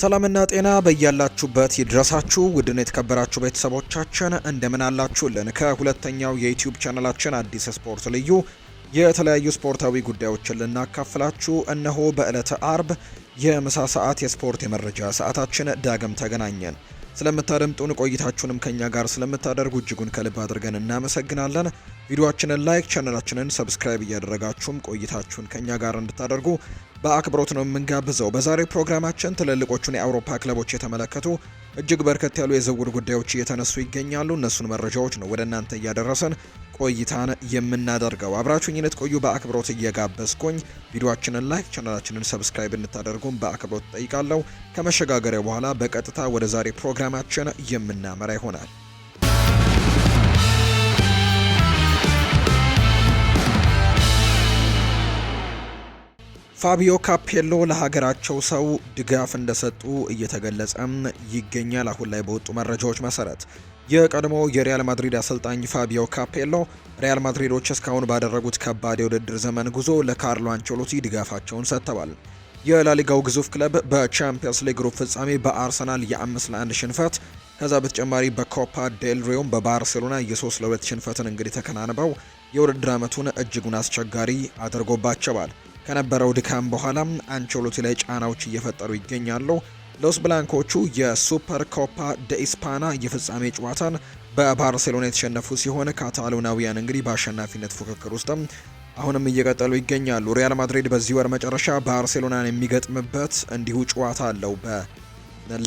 ሰላምና ጤና በያላችሁበት ይድረሳችሁ ውድን የተከበራችሁ ቤተሰቦቻችን እንደምን አላችሁልን? ከሁለተኛው የዩቲዩብ ቻናላችን አዲስ ስፖርት ልዩ የተለያዩ ስፖርታዊ ጉዳዮችን ልናካፍላችሁ እነሆ በዕለተ አርብ የምሳ ሰዓት የስፖርት የመረጃ ሰዓታችን ዳግም ተገናኘን። ስለምታደምጡን ቆይታችሁንም ከኛ ጋር ስለምታደርጉ እጅጉን ከልብ አድርገን እናመሰግናለን። ቪዲዮአችንን ላይክ፣ ቻነላችንን ሰብስክራይብ እያደረጋችሁም ቆይታችሁን ከኛ ጋር እንድታደርጉ በአክብሮት ነው የምንጋብዘው። በዛሬው ፕሮግራማችን ትልልቆቹን የአውሮፓ ክለቦች የተመለከቱ እጅግ በርከት ያሉ የዝውውር ጉዳዮች እየተነሱ ይገኛሉ። እነሱን መረጃዎች ነው ወደ እናንተ እያደረሰን ቆይታን የምናደርገው። አብራችሁኝ እንድትቆዩ በአክብሮት እየጋበዝኩኝ ቪዲዮአችንን ላይክ፣ ቻናላችንን ሰብስክራይብ እንድታደርጉን በአክብሮት ጠይቃለሁ። ከመሸጋገሪያ በኋላ በቀጥታ ወደ ዛሬ ፕሮግራማችን የምናመራ ይሆናል። ፋቢዮ ካፔሎ ለሀገራቸው ሰው ድጋፍ እንደሰጡ እየተገለጸም ይገኛል። አሁን ላይ በወጡ መረጃዎች መሰረት የቀድሞ የሪያል ማድሪድ አሰልጣኝ ፋቢዮ ካፔሎ ሪያል ማድሪዶች እስካሁን ባደረጉት ከባድ የውድድር ዘመን ጉዞ ለካርሎ አንቸሎቲ ድጋፋቸውን ሰጥተዋል። የላሊጋው ግዙፍ ክለብ በቻምፒየንስ ሊግ ሩብ ፍጻሜ በአርሰናል የአምስት ለአንድ ሽንፈት ከዛ በተጨማሪ በኮፓ ዴል ሬዮም በባርሴሎና የሶስት ለሁለት ሽንፈትን እንግዲህ ተከናንበው የውድድር ዓመቱን እጅጉን አስቸጋሪ አድርጎባቸዋል። ከነበረው ድካም በኋላም አንቸሎቲ ላይ ጫናዎች እየፈጠሩ ይገኛሉ። ሎስ ብላንኮቹ የሱፐር ኮፓ ደኢስፓና የፍጻሜ ጨዋታን በባርሴሎና የተሸነፉ ሲሆን ካታሎናውያን እንግዲህ በአሸናፊነት ፉክክር ውስጥም አሁንም እየቀጠሉ ይገኛሉ። ሪያል ማድሪድ በዚህ ወር መጨረሻ ባርሴሎናን የሚገጥምበት እንዲሁ ጨዋታ አለው በ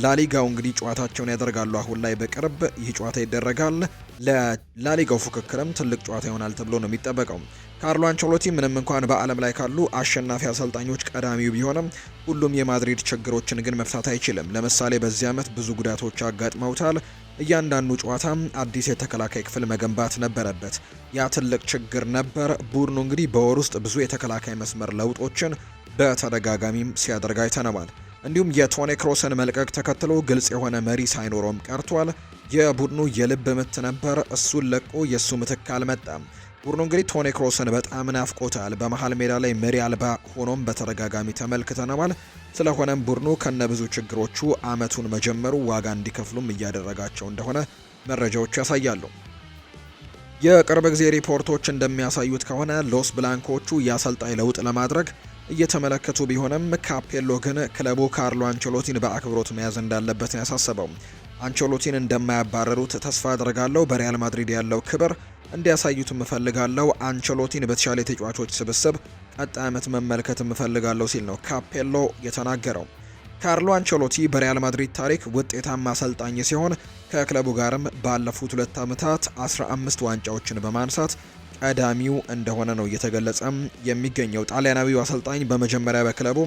ላሊጋው እንግዲህ ጨዋታቸውን ያደርጋሉ። አሁን ላይ በቅርብ ይህ ጨዋታ ይደረጋል። ለላሊጋው ፉክክርም ትልቅ ጨዋታ ይሆናል ተብሎ ነው የሚጠበቀው። ካርሎ አንቸሎቲ ምንም እንኳን በዓለም ላይ ካሉ አሸናፊ አሰልጣኞች ቀዳሚው ቢሆንም ሁሉም የማድሪድ ችግሮችን ግን መፍታት አይችልም። ለምሳሌ በዚህ ዓመት ብዙ ጉዳቶች አጋጥመውታል። እያንዳንዱ ጨዋታም አዲስ የተከላካይ ክፍል መገንባት ነበረበት። ያ ትልቅ ችግር ነበር። ቡድኑ እንግዲህ በወር ውስጥ ብዙ የተከላካይ መስመር ለውጦችን በተደጋጋሚም ሲያደርግ አይተነዋል። እንዲሁም የቶኒ ክሮስን መልቀቅ ተከትሎ ግልጽ የሆነ መሪ ሳይኖረውም ቀርቷል። የቡድኑ የልብ ምት ነበር። እሱን ለቆ የእሱ ምትክ አልመጣም። ቡድኑ እንግዲህ ቶኒ ክሮስን በጣም ናፍቆታል። በመሃል ሜዳ ላይ መሪ አልባ ሆኖም በተደጋጋሚ ተመልክተነዋል። ስለሆነም ቡድኑ ከነብዙ ችግሮቹ አመቱን መጀመሩ ዋጋ እንዲከፍሉም እያደረጋቸው እንደሆነ መረጃዎች ያሳያሉ። የቅርብ ጊዜ ሪፖርቶች እንደሚያሳዩት ከሆነ ሎስ ብላንኮቹ የአሰልጣኝ ለውጥ ለማድረግ እየተመለከቱ ቢሆንም ካፔሎ ግን ክለቡ ካርሎ አንቸሎቲን በአክብሮት መያዝ እንዳለበት ያሳሰበው አንቸሎቲን እንደማያባረሩት ተስፋ አድርጋለሁ። በሪያል ማድሪድ ያለው ክብር እንዲያሳዩት እፈልጋለሁ። አንቸሎቲን በተሻለ የተጫዋቾች ስብስብ ቀጣይ ዓመት መመልከት እፈልጋለሁ ሲል ነው ካፔሎ የተናገረው። ካርሎ አንቸሎቲ በሪያል ማድሪድ ታሪክ ውጤታማ አሰልጣኝ ሲሆን ከክለቡ ጋርም ባለፉት ሁለት ዓመታት 15 ዋንጫዎችን በማንሳት ቀዳሚው እንደሆነ ነው እየተገለጸ የሚገኘው። ጣሊያናዊው አሰልጣኝ በመጀመሪያ በክለቡ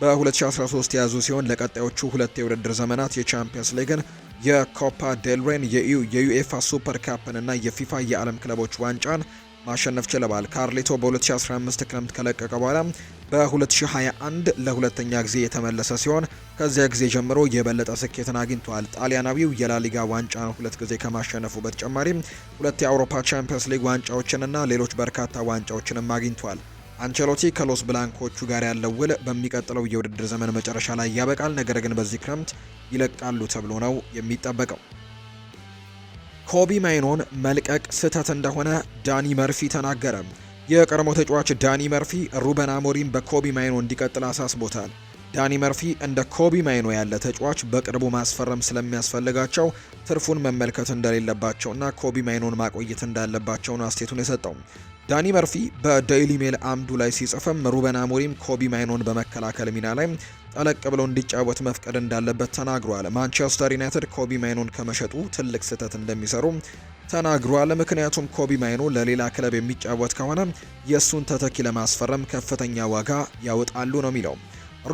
በ2013 የያዙ ሲሆን ለቀጣዮቹ ሁለት የውድድር ዘመናት የቻምፒየንስ ሊግን፣ የኮፓ ዴልሬን፣ የዩኤፋ ሱፐር ካፕን እና የፊፋ የዓለም ክለቦች ዋንጫን ማሸነፍ ችለዋል። ካርሌቶ በ2015 ክረምት ከለቀቀ በኋላ በ2021 ለሁለተኛ ጊዜ የተመለሰ ሲሆን ከዚያ ጊዜ ጀምሮ የበለጠ ስኬትን አግኝቷል። ጣሊያናዊው የላሊጋ ዋንጫን ሁለት ጊዜ ከማሸነፉ በተጨማሪ ሁለት የአውሮፓ ቻምፒየንስ ሊግ ዋንጫዎችንና ሌሎች በርካታ ዋንጫዎችንም አግኝቷል። አንቸሎቲ ከሎስ ብላንኮቹ ጋር ያለው ውል በሚቀጥለው የውድድር ዘመን መጨረሻ ላይ ያበቃል። ነገር ግን በዚህ ክረምት ይለቃሉ ተብሎ ነው የሚጠበቀው። ኮቢ ማይኖን መልቀቅ ስህተት እንደሆነ ዳኒ መርፊ ተናገረ። የቀድሞ ተጫዋች ዳኒ መርፊ ሩበን አሞሪም በኮቢ ማይኖ እንዲቀጥል አሳስቦታል። ዳኒ መርፊ እንደ ኮቢ ማይኖ ያለ ተጫዋች በቅርቡ ማስፈረም ስለሚያስፈልጋቸው ትርፉን መመልከት እንደሌለባቸውና ኮቢ ማይኖን ማቆየት እንዳለባቸው አስቴቱን የሰጠው። ዳኒ መርፊ በዴይሊ ሜል አምዱ ላይ ሲጽፍም ሩበን አሞሪም ኮቢ ማይኖን በመከላከል ሚና ላይ ጠለቅ ብሎ እንዲጫወት መፍቀድ እንዳለበት ተናግሯል። ማንቸስተር ዩናይትድ ኮቢ ማይኖን ከመሸጡ ትልቅ ስህተት እንደሚሰሩ ተናግሯል። ምክንያቱም ኮቢ ማይኖ ለሌላ ክለብ የሚጫወት ከሆነ የእሱን ተተኪ ለማስፈረም ከፍተኛ ዋጋ ያወጣሉ ነው የሚለው።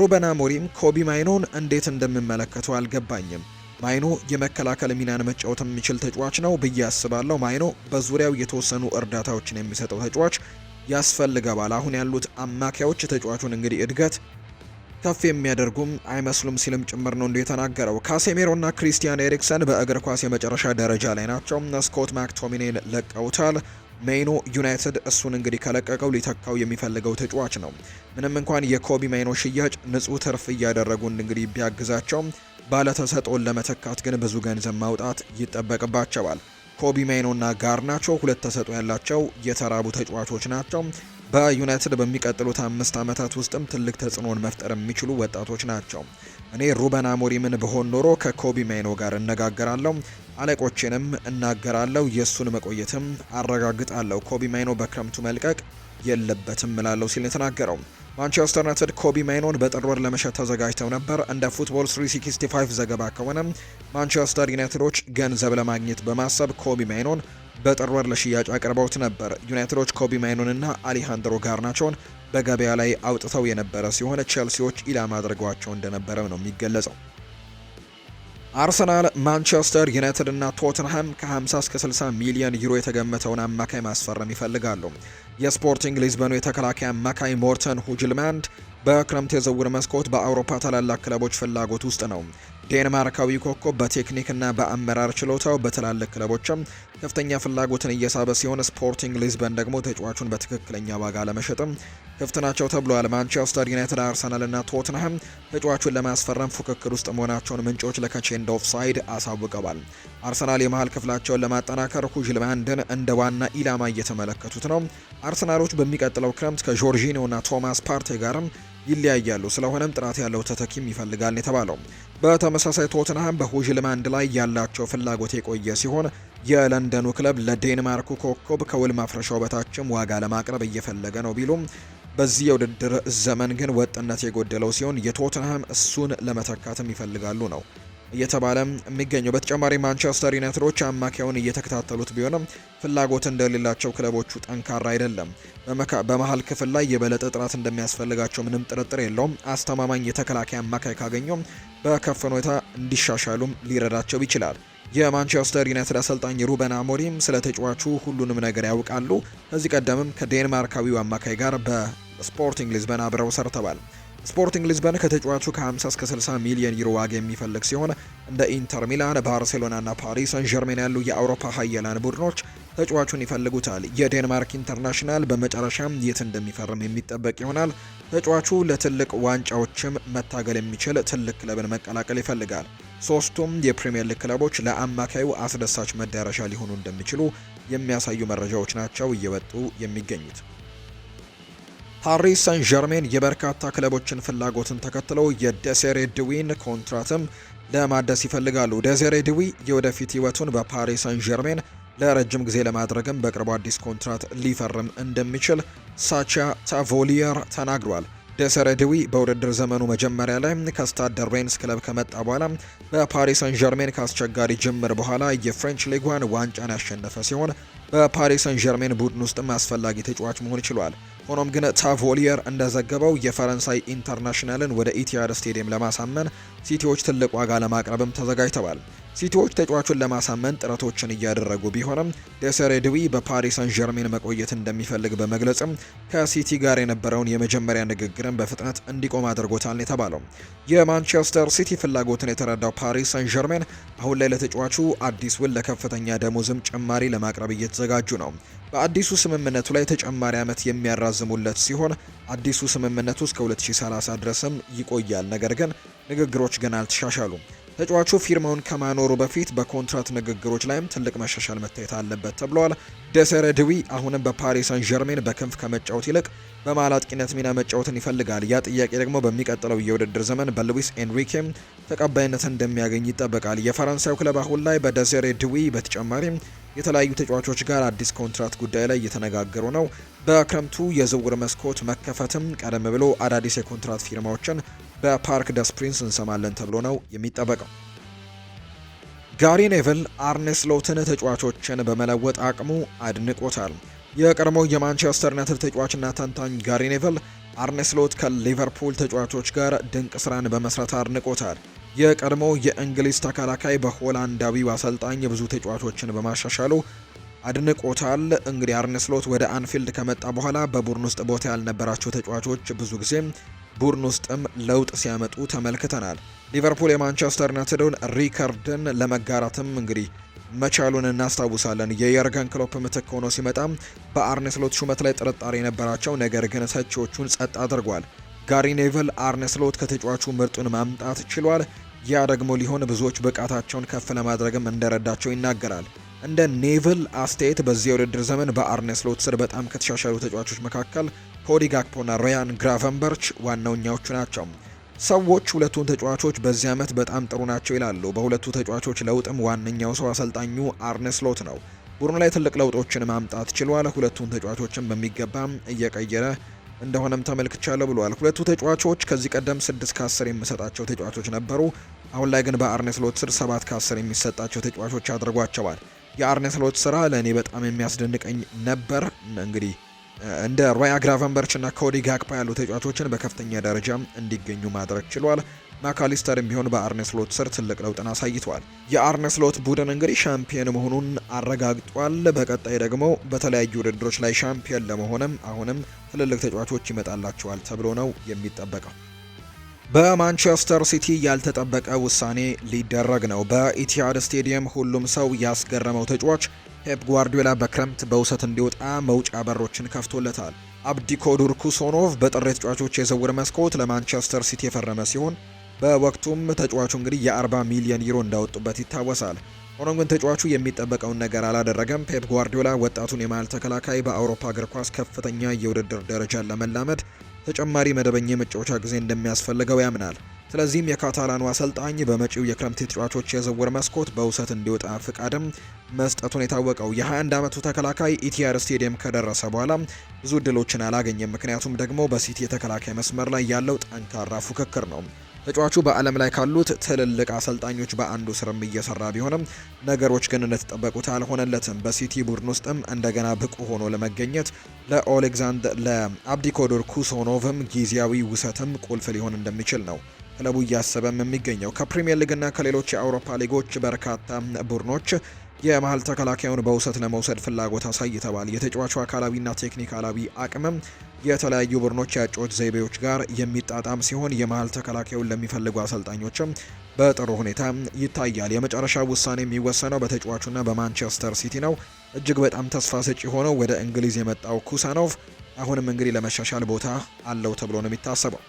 ሩበን አሞሪም ኮቢ ማይኖን እንዴት እንደምመለከተው አልገባኝም። ማይኖ የመከላከል ሚናን መጫወት የሚችል ተጫዋች ነው ብዬ አስባለሁ። ማይኖ በዙሪያው የተወሰኑ እርዳታዎችን የሚሰጠው ተጫዋች ያስፈልገዋል። አሁን ያሉት አማካዮች ተጫዋቹን እንግዲህ እድገት ከፍ የሚያደርጉም አይመስሉም ሲልም ጭምር ነው እንደተናገረው። የተናገረው። ካሴሜሮና ክሪስቲያን ኤሪክሰን በእግር ኳስ የመጨረሻ ደረጃ ላይ ናቸው። ስኮት ማክቶሚኔን ለቀውታል። ሜይኖ ዩናይትድ እሱን እንግዲህ ከለቀቀው ሊተካው የሚፈልገው ተጫዋች ነው። ምንም እንኳን የኮቢ ሜይኖ ሽያጭ ንጹህ ትርፍ እያደረጉን እንግዲህ ቢያግዛቸውም ባለተሰጦን ለመተካት ግን ብዙ ገንዘብ ማውጣት ይጠበቅባቸዋል። ኮቢ ሜይኖና ጋርናቾ ሁለት ተሰጦ ያላቸው የተራቡ ተጫዋቾች ናቸው። በዩናይትድ በሚቀጥሉት አምስት ዓመታት ውስጥም ትልቅ ተጽዕኖን መፍጠር የሚችሉ ወጣቶች ናቸው። እኔ ሩበን አሞሪምን በሆን ኖሮ ከኮቢ ማይኖ ጋር እነጋገራለሁ፣ አለቆችንም እናገራለሁ፣ የእሱን መቆየትም አረጋግጣለሁ። ኮቢ ማይኖ በክረምቱ መልቀቅ የለበትም እላለሁ ሲል የተናገረው ማንቸስተር ዩናይትድ ኮቢ ማይኖን በጥር ወር ለመሸጥ ተዘጋጅተው ነበር። እንደ ፉትቦል 365 ዘገባ ከሆነ ማንቸስተር ዩናይትዶች ገንዘብ ለማግኘት በማሰብ ኮቢ ማይኖን በጥር ወር ለሽያጭ አቅርበውት ነበር። ዩናይትዶች ኮቢ ማይኑንና አሊሃንድሮ ጋርናቸውን በገበያ ላይ አውጥተው የነበረ ሲሆን ቼልሲዎች ኢላማ አድርገዋቸው እንደነበረም ነው የሚገለጸው። አርሰናል፣ ማንቸስተር ዩናይትድ እና ቶትንሃም ከ50 እስከ 60 ሚሊዮን ዩሮ የተገመተውን አማካይ ማስፈረም ይፈልጋሉ። የስፖርቲንግ ሊዝበኑ የተከላካይ አማካይ ሞርተን ሁጅልማንድ በክረምት የዝውውር መስኮት በአውሮፓ ታላላቅ ክለቦች ፍላጎት ውስጥ ነው። ዴንማርካዊ ኮከብ በቴክኒክና በአመራር ችሎታው በትላልቅ ክለቦችም ከፍተኛ ፍላጎትን እየሳበ ሲሆን ስፖርቲንግ ሊዝበን ደግሞ ተጫዋቹን በትክክለኛ ዋጋ ለመሸጥም ክፍት ናቸው ተብሏል። ማንቸስተር ዩናይትድ፣ አርሰናልና ቶትንሃም ተጫዋቹን ለማስፈረም ፉክክር ውስጥ መሆናቸውን ምንጮች ለከቼንድ ኦፍሳይድ አሳውቀዋል። አርሰናል የመሀል ክፍላቸውን ለማጠናከር ሁጅልማንድን እንደ ዋና ኢላማ እየተመለከቱት ነው። አርሰናሎች በሚቀጥለው ክረምት ከጆርጂኒዮና ቶማስ ፓርቴ ጋርም ይለያያሉ። ስለሆነም ጥራት ያለው ተተኪም ይፈልጋል የተባለው። በተመሳሳይ ቶትንሃም በሆዥልማንድ ላይ ያላቸው ፍላጎት የቆየ ሲሆን የለንደኑ ክለብ ለዴንማርኩ ኮከብ ከውል ማፍረሻው በታችም ዋጋ ለማቅረብ እየፈለገ ነው ቢሉም በዚህ የውድድር ዘመን ግን ወጥነት የጎደለው ሲሆን የቶትንሃም እሱን ለመተካትም ይፈልጋሉ ነው እየተባለ የሚገኘው። በተጨማሪ ማንቸስተር ዩናይትዶች አማካዩን እየተከታተሉት ቢሆንም ፍላጎት እንደሌላቸው ክለቦቹ ጠንካራ አይደለም። በመሀል ክፍል ላይ የበለጠ ጥራት እንደሚያስፈልጋቸው ምንም ጥርጥር የለውም። አስተማማኝ የተከላካይ አማካይ ካገኘው በከፍ ሁኔታ እንዲሻሻሉም ሊረዳቸው ይችላል። የማንቸስተር ዩናይትድ አሰልጣኝ ሩበን አሞሪም ስለ ተጫዋቹ ሁሉንም ነገር ያውቃሉ። ከዚህ ቀደምም ከዴንማርካዊው አማካይ ጋር በስፖርቲንግ ሊዝበን አብረው ሰርተዋል። ስፖርቲንግ ሊዝበን ከተጫዋቹ ከ50 እስከ 60 ሚሊዮን ዩሮ ዋጋ የሚፈልግ ሲሆን እንደ ኢንተር ሚላን፣ ባርሴሎና ና ፓሪስ ሰን ዠርሜን ያሉ የአውሮፓ ሀያላን ቡድኖች ተጫዋቹን ይፈልጉታል። የዴንማርክ ኢንተርናሽናል በመጨረሻም የት እንደሚፈርም የሚጠበቅ ይሆናል። ተጫዋቹ ለትልቅ ዋንጫዎችም መታገል የሚችል ትልቅ ክለብን መቀላቀል ይፈልጋል። ሶስቱም የፕሪምየር ሊግ ክለቦች ለአማካዩ አስደሳች መዳረሻ ሊሆኑ እንደሚችሉ የሚያሳዩ መረጃዎች ናቸው እየወጡ የሚገኙት። ሃሪ ሳን ጀርሜን የበርካታ ክለቦችን ፍላጎትን ተከትለው የደሴሬ ድዊን ኮንትራትም ለማደስ ይፈልጋሉ። ደሴሬ ድዊ የወደፊት ህይወቱን በፓሪስ ሳን ጀርሜን ለረጅም ጊዜ ለማድረግም በቅርቡ አዲስ ኮንትራት ሊፈርም እንደሚችል ሳቻ ታቮሊየር ተናግሯል። ደሴሬ ድዊ በውድድር ዘመኑ መጀመሪያ ላይ ከስታድ ሬንስ ክለብ ከመጣ በኋላ በፓሪስ ሳን ጀርሜን ከአስቸጋሪ ጅምር በኋላ የፍሬንች ሊጓን ዋንጫን ያሸነፈ ሲሆን በፓሪስ ሳን ጀርሜን ቡድን ውስጥም አስፈላጊ ተጫዋች መሆን ችሏል። ሆኖም ግን ታቮሊየር እንደዘገበው የፈረንሳይ ኢንተርናሽናልን ወደ ኢቲሃድ ስቴዲየም ለማሳመን ሲቲዎች ትልቅ ዋጋ ለማቅረብም ተዘጋጅተዋል። ሲቲዎች ተጫዋቹን ለማሳመን ጥረቶችን እያደረጉ ቢሆንም ደሰሬድዊ በፓሪስ ሳን ዠርሜን መቆየት እንደሚፈልግ በመግለጽም ከሲቲ ጋር የነበረውን የመጀመሪያ ንግግርን በፍጥነት እንዲቆም አድርጎታል የተባለው የማንቸስተር ሲቲ ፍላጎትን የተረዳው ፓሪስ ሳን ዠርሜን አሁን ላይ ለተጫዋቹ አዲስ ውል ለከፍተኛ ደሞዝም ጭማሪ ለማቅረብ እየተዘጋጁ ነው። በአዲሱ ስምምነቱ ላይ ተጨማሪ ዓመት የሚያራዝሙለት ሲሆን አዲሱ ስምምነቱ እስከ 2030 ድረስም ይቆያል። ነገር ግን ንግግሮች ገና አልተሻሻሉም። ተጫዋቹ ፊርማውን ከማኖሩ በፊት በኮንትራት ንግግሮች ላይም ትልቅ መሻሻል መታየት አለበት ተብሏል። ደሰረድዊ ድዊ አሁንም በፓሪስ ሳን ዠርሜን በክንፍ ከመጫወት ይልቅ በማላጥቂነት ሚና መጫወትን ይፈልጋል። ያ ጥያቄ ደግሞ በሚቀጥለው የውድድር ዘመን በሉዊስ ኤንሪኬም ተቀባይነት እንደሚያገኝ ይጠበቃል። የፈረንሳዩ ክለብ አሁን ላይ በደሰሬ ድዊ በተጨማሪም የተለያዩ ተጫዋቾች ጋር አዲስ ኮንትራት ጉዳይ ላይ እየተነጋገሩ ነው። በክረምቱ የዝውውር መስኮት መከፈትም ቀደም ብሎ አዳዲስ የኮንትራት ፊርማዎችን በፓርክ ደስ ፕሪንስ እንሰማለን ተብሎ ነው የሚጠበቀው። ጋሪ ኔቭል አርኔስ ሎትን ተጫዋቾችን በመለወጥ አቅሙ አድንቆታል። የቀድሞው የማንቸስተር ዩናይትድ ተጫዋችና ተንታኝ ጋሪ ኔቭል አርኔስ ሎት ከሊቨርፑል ተጫዋቾች ጋር ድንቅ ስራን በመስራት አድንቆታል። የቀድሞ የእንግሊዝ ተከላካይ በሆላንዳዊው አሰልጣኝ ብዙ ተጫዋቾችን በማሻሻሉ አድንቆታል። እንግዲህ አርኔስሎት ወደ አንፊልድ ከመጣ በኋላ በቡድን ውስጥ ቦታ ያልነበራቸው ተጫዋቾች ብዙ ጊዜ ቡድን ውስጥም ለውጥ ሲያመጡ ተመልክተናል። ሊቨርፑል የማንቸስተር ዩናይትድን ሪከርድን ለመጋራትም እንግዲህ መቻሉን እናስታውሳለን። የየርገን ክሎፕ ምትክ ሆኖ ሲመጣም በአርኔስሎት ሹመት ላይ ጥርጣሬ የነበራቸው ነገር ግን ተቺዎቹን ጸጥ አድርጓል። ጋሪ ኔቨል አርኔስሎት ከተጫዋቹ ምርጡን ማምጣት ችሏል። ያ ደግሞ ሊሆን ብዙዎች ብቃታቸውን ከፍ ለማድረግም እንደረዳቸው ይናገራል። እንደ ኔቭል አስተያየት በዚህ የውድድር ዘመን በአርኔስሎት ስር በጣም ከተሻሻሉ ተጫዋቾች መካከል ሆዲ ጋክፖና ሮያን ግራቨንበርች ዋናውኛዎቹ ናቸው። ሰዎች ሁለቱን ተጫዋቾች በዚህ ዓመት በጣም ጥሩ ናቸው ይላሉ። በሁለቱ ተጫዋቾች ለውጥም ዋነኛው ሰው አሰልጣኙ አርነስ ሎት ነው። ቡድኑ ላይ ትልቅ ለውጦችን ማምጣት ችሏል። ሁለቱን ተጫዋቾችን በሚገባ እየቀየረ እንደሆነም ተመልክቻለሁ ብሏል። ሁለቱ ተጫዋቾች ከዚህ ቀደም 6 ከ10 ተጫዋቾች ነበሩ። አሁን ላይ ግን በአርነስ ስሎት ስር 7 ከ10 የሚሰጣቸው ተጫዋቾች አድርጓቸዋል። የአርነስ ስሎት ስራ ለእኔ በጣም የሚያስደንቀኝ ነበር እንግዲህ እንደ ሮያ ግራቨንበርች እና ኮዲ ጋክፓ ያሉ ተጫዋቾችን በከፍተኛ ደረጃ እንዲገኙ ማድረግ ችሏል። ማካሊስተርም ቢሆን በአርኔስሎት ስር ትልቅ ለውጥን አሳይቷል። የአርኔስሎት ቡድን እንግዲህ ሻምፒየን መሆኑን አረጋግጧል። በቀጣይ ደግሞ በተለያዩ ውድድሮች ላይ ሻምፒየን ለመሆንም አሁንም ትልልቅ ተጫዋቾች ይመጣላቸዋል ተብሎ ነው የሚጠበቀው። በማንቸስተር ሲቲ ያልተጠበቀ ውሳኔ ሊደረግ ነው። በኢቲያድ ስቴዲየም ሁሉም ሰው ያስገረመው ተጫዋች ፔፕ ጓርዲዮላ በክረምት በውሰት እንዲወጣ መውጫ በሮችን ከፍቶለታል። አብዲኮዱር ኩሶኖቭ በጥር ተጫዋቾች የዝውውር መስኮት ለማንቸስተር ሲቲ የፈረመ ሲሆን በወቅቱም ተጫዋቹ እንግዲህ የ40 ሚሊዮን ዩሮ እንዳወጡበት ይታወሳል። ሆኖም ግን ተጫዋቹ የሚጠበቀውን ነገር አላደረገም። ፔፕ ጓርዲዮላ ወጣቱን የመሃል ተከላካይ በአውሮፓ እግር ኳስ ከፍተኛ የውድድር ደረጃን ለመላመድ ተጨማሪ መደበኛ የመጫወቻ ጊዜ እንደሚያስፈልገው ያምናል። ስለዚህም የካታላኑ አሰልጣኝ በመጪው የክረምት ተጫዋቾች የዝውውር መስኮት በውሰት እንዲወጣ ፍቃድም መስጠቱን የታወቀው የ21 ዓመቱ ተከላካይ ኢቲር ስቴዲየም ከደረሰ በኋላ ብዙ እድሎችን አላገኘም። ምክንያቱም ደግሞ በሲቲ የተከላካይ መስመር ላይ ያለው ጠንካራ ፉክክር ነው። ተጫዋቹ በዓለም ላይ ካሉት ትልልቅ አሰልጣኞች በአንዱ ስርም እየሰራ ቢሆንም ነገሮች ግን እንደተጠበቁት አልሆነለትም። በሲቲ ቡድን ውስጥም እንደገና ብቁ ሆኖ ለመገኘት ለኦሌግዛንደር ለአብዲኮዶር ኩሶኖቭም ጊዜያዊ ውሰትም ቁልፍ ሊሆን እንደሚችል ነው ክለቡ እያሰበም የሚገኘው። ከፕሪምየር ሊግና ከሌሎች የአውሮፓ ሊጎች በርካታ ቡድኖች የመሀል ተከላካዩን በውሰት ለመውሰድ ፍላጎት አሳይተዋል። የተጫዋቹ አካላዊና ቴክኒካላዊ አቅምም የተለያዩ ቡድኖች ያጮት ዘይቤዎች ጋር የሚጣጣም ሲሆን የመሀል ተከላካዩን ለሚፈልጉ አሰልጣኞችም በጥሩ ሁኔታ ይታያል። የመጨረሻ ውሳኔ የሚወሰነው በተጫዋቹና በማንቸስተር ሲቲ ነው። እጅግ በጣም ተስፋ ሰጪ ሆነው ወደ እንግሊዝ የመጣው ኩሳኖቭ አሁንም እንግዲህ ለመሻሻል ቦታ አለው ተብሎ ነው የሚታሰበው።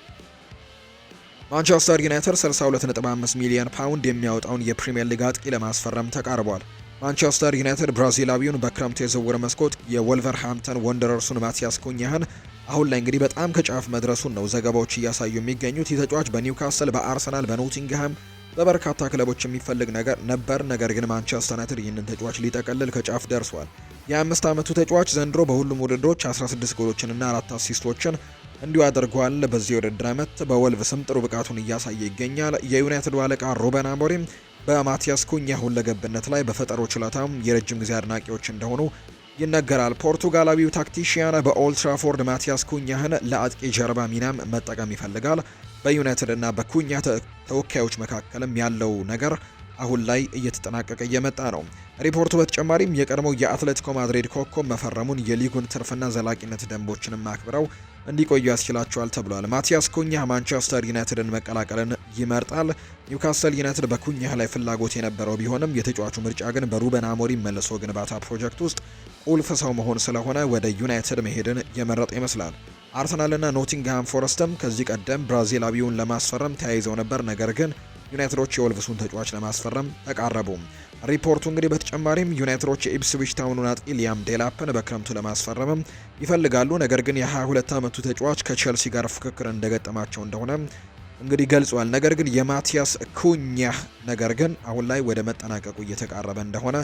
ማንቸስተር ዩናይትድ 62.5 ሚሊዮን ፓውንድ የሚያወጣውን የፕሪምየር ሊግ አጥቂ ለማስፈረም ተቃርቧል። ማንቸስተር ዩናይትድ ብራዚላዊውን በክረምት የዝውውር መስኮት የወልቨርሃምፕተን ወንደረርሱን ማቲያስ ኩኛህን አሁን ላይ እንግዲህ በጣም ከጫፍ መድረሱን ነው ዘገባዎች እያሳዩ የሚገኙት። ይህ ተጫዋች በኒውካስል፣ በአርሰናል፣ በኖቲንግሃም በበርካታ ክለቦች የሚፈልግ ነገር ነበር። ነገር ግን ማንቸስተር ዩናይትድ ይህንን ተጫዋች ሊጠቀልል ከጫፍ ደርሷል። የአምስት ዓመቱ ተጫዋች ዘንድሮ በሁሉም ውድድሮች 16 ጎሎችንና አራት አሲስቶችን እንዲሁ አድርጓል። በዚህ ውድድር ዓመት በወልቭ ስም ጥሩ ብቃቱን እያሳየ ይገኛል። የዩናይትድ አለቃ ሩበን አሞሪም በማቲያስ ኩኛ ሁለገብነት ላይ በፈጠሮ ችሎታም የረጅም ጊዜ አድናቂዎች እንደሆኑ ይነገራል። ፖርቱጋላዊው ታክቲሽያን በኦልትራፎርድ ማቲያስ ኩኛህን ለአጥቂ ጀርባ ሚናም መጠቀም ይፈልጋል። በዩናይትድ እና በኩኛ ተወካዮች መካከልም ያለው ነገር አሁን ላይ እየተጠናቀቀ እየመጣ ነው። ሪፖርቱ በተጨማሪም የቀድሞው የአትሌቲኮ ማድሪድ ኮከብ መፈረሙን የሊጉን ትርፍና ዘላቂነት ደንቦችንም ማክብረው እንዲቆዩ ያስችላቸዋል ተብሏል። ማቲያስ ኩኛህ ማንቸስተር ዩናይትድን መቀላቀልን ይመርጣል። ኒውካስተል ዩናይትድ በኩኛህ ላይ ፍላጎት የነበረው ቢሆንም የተጫዋቹ ምርጫ ግን በሩበን አሞሪም መልሶ ግንባታ ፕሮጀክት ውስጥ ቁልፍ ሰው መሆን ስለሆነ ወደ ዩናይትድ መሄድን የመረጠ ይመስላል። አርሰናልና ኖቲንግሃም ፎረስትም ከዚህ ቀደም ብራዚላዊውን ለማስፈረም ተያይዘው ነበር ነገር ግን ዩናይትዶች የወልቭሱን ተጫዋች ለማስፈረም ተቃረቡ። ሪፖርቱ እንግዲህ በተጨማሪም ዩናይትዶች የኢፕስዊች ታውኑን አጥቂ ሊያም ዴላፕን በክረምቱ ለማስፈረምም ይፈልጋሉ። ነገር ግን የ22 ዓመቱ ተጫዋች ከቼልሲ ጋር ፍክክር እንደገጠማቸው እንደሆነ እንግዲህ ገልጿል። ነገር ግን የማቲያስ ኩኛህ ነገር ግን አሁን ላይ ወደ መጠናቀቁ እየተቃረበ እንደሆነ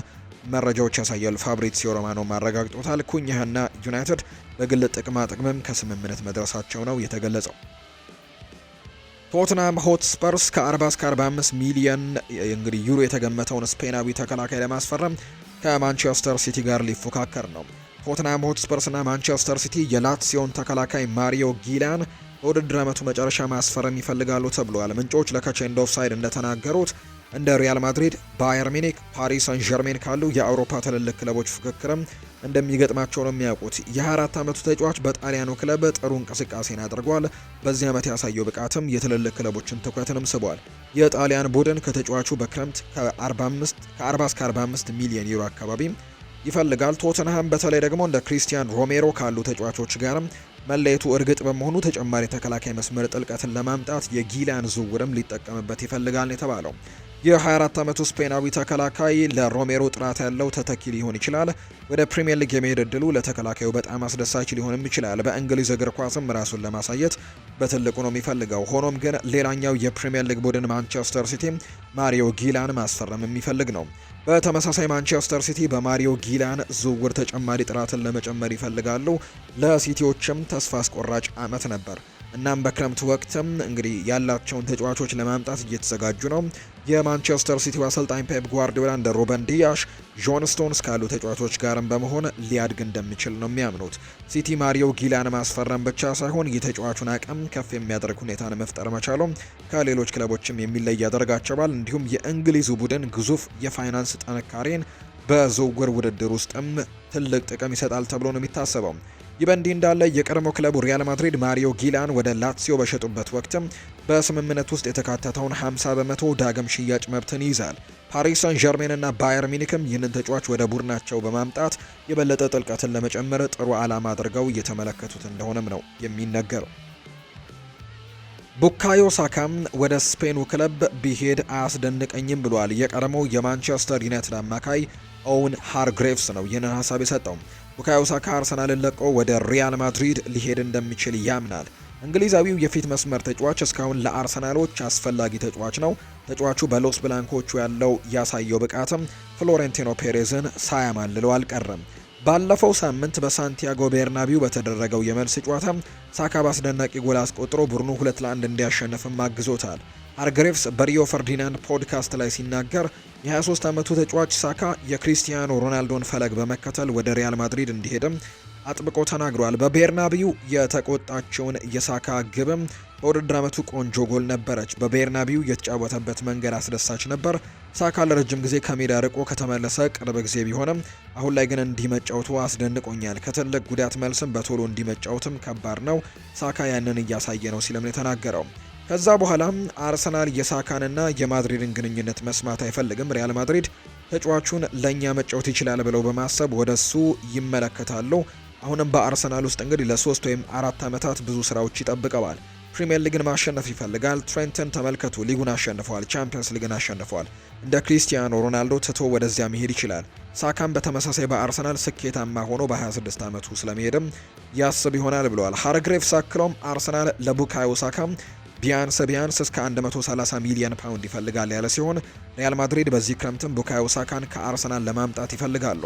መረጃዎች ያሳያሉ። ፋብሪዚዮ ሮማኖ ማረጋግጦታል። ኩኛህና ዩናይትድ በግል ጥቅማ ጥቅምም ከስምምነት መድረሳቸው ነው የተገለጸው። ቶትናም ሆትስፐርስ ከ40 እስከ 45 ሚሊዮን እንግዲህ ዩሮ የተገመተውን ስፔናዊ ተከላካይ ለማስፈረም ከማንቸስተር ሲቲ ጋር ሊፎካከር ነው። ቶትናም ሆትስፐርስና ማንቸስተር ሲቲ የላትሲዮን ተከላካይ ማሪዮ ጊላን በውድድር ዓመቱ መጨረሻ ማስፈረም ይፈልጋሉ ተብሏል። ምንጮች ለከቼንዶ ኦፍሳይድ እንደተናገሩት እንደ ሪያል ማድሪድ፣ ባየር ሚኒክ፣ ፓሪስ ሳን ዠርሜን ካሉ የአውሮፓ ትልልቅ ክለቦች ፍክክርም እንደሚገጥማቸው ነው የሚያውቁት። የ24 ዓመቱ ተጫዋች በጣሊያኑ ክለብ ጥሩ እንቅስቃሴን አድርጓል። በዚህ ዓመት ያሳየው ብቃትም የትልልቅ ክለቦችን ትኩረትንም ስቧል። የጣሊያን ቡድን ከተጫዋቹ በክረምት ከ40 እስከ 45 ሚሊዮን ዩሮ አካባቢ ይፈልጋል። ቶተንሃም በተለይ ደግሞ እንደ ክሪስቲያን ሮሜሮ ካሉ ተጫዋቾች ጋርም መለየቱ እርግጥ በመሆኑ ተጨማሪ ተከላካይ መስመር ጥልቀትን ለማምጣት የጊላን ዝውውርም ሊጠቀምበት ይፈልጋል የተባለው የ24 ዓመቱ ስፔናዊ ተከላካይ ለሮሜሮ ጥራት ያለው ተተኪ ሊሆን ይችላል። ወደ ፕሪምየር ሊግ የመሄድ እድሉ ለተከላካዩ በጣም አስደሳች ሊሆንም ይችላል። በእንግሊዝ እግር ኳስም ራሱን ለማሳየት በትልቁ ነው የሚፈልገው። ሆኖም ግን ሌላኛው የፕሪምየር ሊግ ቡድን ማንቸስተር ሲቲ ማሪዮ ጊላን ማስፈረም የሚፈልግ ነው። በተመሳሳይ ማንቸስተር ሲቲ በማሪዮ ጊላን ዝውውር ተጨማሪ ጥራትን ለመጨመር ይፈልጋሉ። ለሲቲዎችም ተስፋ አስቆራጭ ዓመት ነበር። እናም በክረምት ወቅትም እንግዲህ ያላቸውን ተጫዋቾች ለማምጣት እየተዘጋጁ ነው። የማንቸስተር ሲቲው አሰልጣኝ ፔፕ ጓርዲዮላ እንደ ሩበን ዲያሽ፣ ጆን ስቶንስ ካሉ ተጫዋቾች ጋርም በመሆን ሊያድግ እንደሚችል ነው የሚያምኑት። ሲቲ ማሪዮ ጊላን ማስፈረም ብቻ ሳይሆን የተጫዋቹን አቅም ከፍ የሚያደርግ ሁኔታን መፍጠር መቻሉም ከሌሎች ክለቦችም የሚለይ ያደርጋቸዋል። እንዲሁም የእንግሊዙ ቡድን ግዙፍ የፋይናንስ ጥንካሬን በዝውውር ውድድር ውስጥም ትልቅ ጥቅም ይሰጣል ተብሎ ነው የሚታሰበው። ይህ በእንዲህ እንዳለ የቀድሞ ክለቡ ሪያል ማድሪድ ማሪዮ ጊላን ወደ ላትሲዮ በሸጡበት ወቅትም በስምምነት ውስጥ የተካተተውን 50 በመቶ ዳግም ሽያጭ መብትን ይይዛል። ፓሪስ ሳን ዠርሜን እና ባየር ሚኒክም ይህንን ተጫዋች ወደ ቡድናቸው በማምጣት የበለጠ ጥልቀትን ለመጨመር ጥሩ ዓላማ አድርገው እየተመለከቱት እንደሆነም ነው የሚነገረው። ቡካዮ ሳካም ወደ ስፔኑ ክለብ ቢሄድ አያስደንቀኝም ብሏል። የቀድሞው የማንቸስተር ዩናይትድ አማካይ ኦውን ሃርግሬቭስ ነው ይህንን ሀሳብ የሰጠው። ቡካዮ ሳካ አርሰናልን ለቆ ወደ ሪያል ማድሪድ ሊሄድ እንደሚችል ያምናል። እንግሊዛዊው የፊት መስመር ተጫዋች እስካሁን ለአርሰናሎች አስፈላጊ ተጫዋች ነው። ተጫዋቹ በሎስ ብላንኮቹ ያለው ያሳየው ብቃትም ፍሎሬንቲኖ ፔሬዝን ሳያማልለው አልቀረም። ባለፈው ሳምንት በሳንቲያጎ ቤርናቢው በተደረገው የመልስ ጨዋታ ሳካ በአስደናቂ ጎል አስቆጥሮ ቡድኑ ሁለት ለአንድ እንዲያሸንፍም አግዞታል። አርግሬቭስ በሪዮ ፈርዲናንድ ፖድካስት ላይ ሲናገር የ23 ዓመቱ ተጫዋች ሳካ የክሪስቲያኖ ሮናልዶን ፈለግ በመከተል ወደ ሪያል ማድሪድ እንዲሄድም አጥብቆ ተናግሯል። በቤርናቢው የተቆጣቸውን የሳካ ግብም በውድድር ዓመቱ ቆንጆ ጎል ነበረች። በቤርናቢው የተጫወተበት መንገድ አስደሳች ነበር። ሳካ ለረጅም ጊዜ ከሜዳ ርቆ ከተመለሰ ቅርብ ጊዜ ቢሆንም አሁን ላይ ግን እንዲመጫወቱ አስደንቆኛል። ከትልቅ ጉዳት መልስም በቶሎ እንዲመጫወትም ከባድ ነው። ሳካ ያንን እያሳየ ነው ሲልም የተናገረው። ከዛ በኋላም አርሰናል የሳካንና የማድሪድን ግንኙነት መስማት አይፈልግም። ሪያል ማድሪድ ተጫዋቹን ለእኛ መጫወት ይችላል ብለው በማሰብ ወደሱ ይመለከታሉ። አሁንም በአርሰናል ውስጥ እንግዲህ ለሶስት ወይም አራት ዓመታት ብዙ ስራዎች ይጠብቀዋል። ፕሪምየር ሊግን ማሸነፍ ይፈልጋል። ትሬንትን ተመልከቱ፣ ሊጉን አሸንፈዋል፣ ቻምፒየንስ ሊግን አሸንፈዋል። እንደ ክሪስቲያኖ ሮናልዶ ትቶ ወደዚያ መሄድ ይችላል። ሳካም በተመሳሳይ በአርሰናል ስኬታማ ሆኖ በ26 ዓመቱ ስለመሄድም ያስብ ይሆናል ብለዋል። ሃረግሬቭ ሳክለውም አርሰናል ለቡካዮ ሳካም ቢያንስ ቢያንስ እስከ 130 ሚሊዮን ፓውንድ ይፈልጋል ያለ ሲሆን ሪያል ማድሪድ በዚህ ክረምትም ቡካዮ ሳካን ከአርሰናል ለማምጣት ይፈልጋሉ።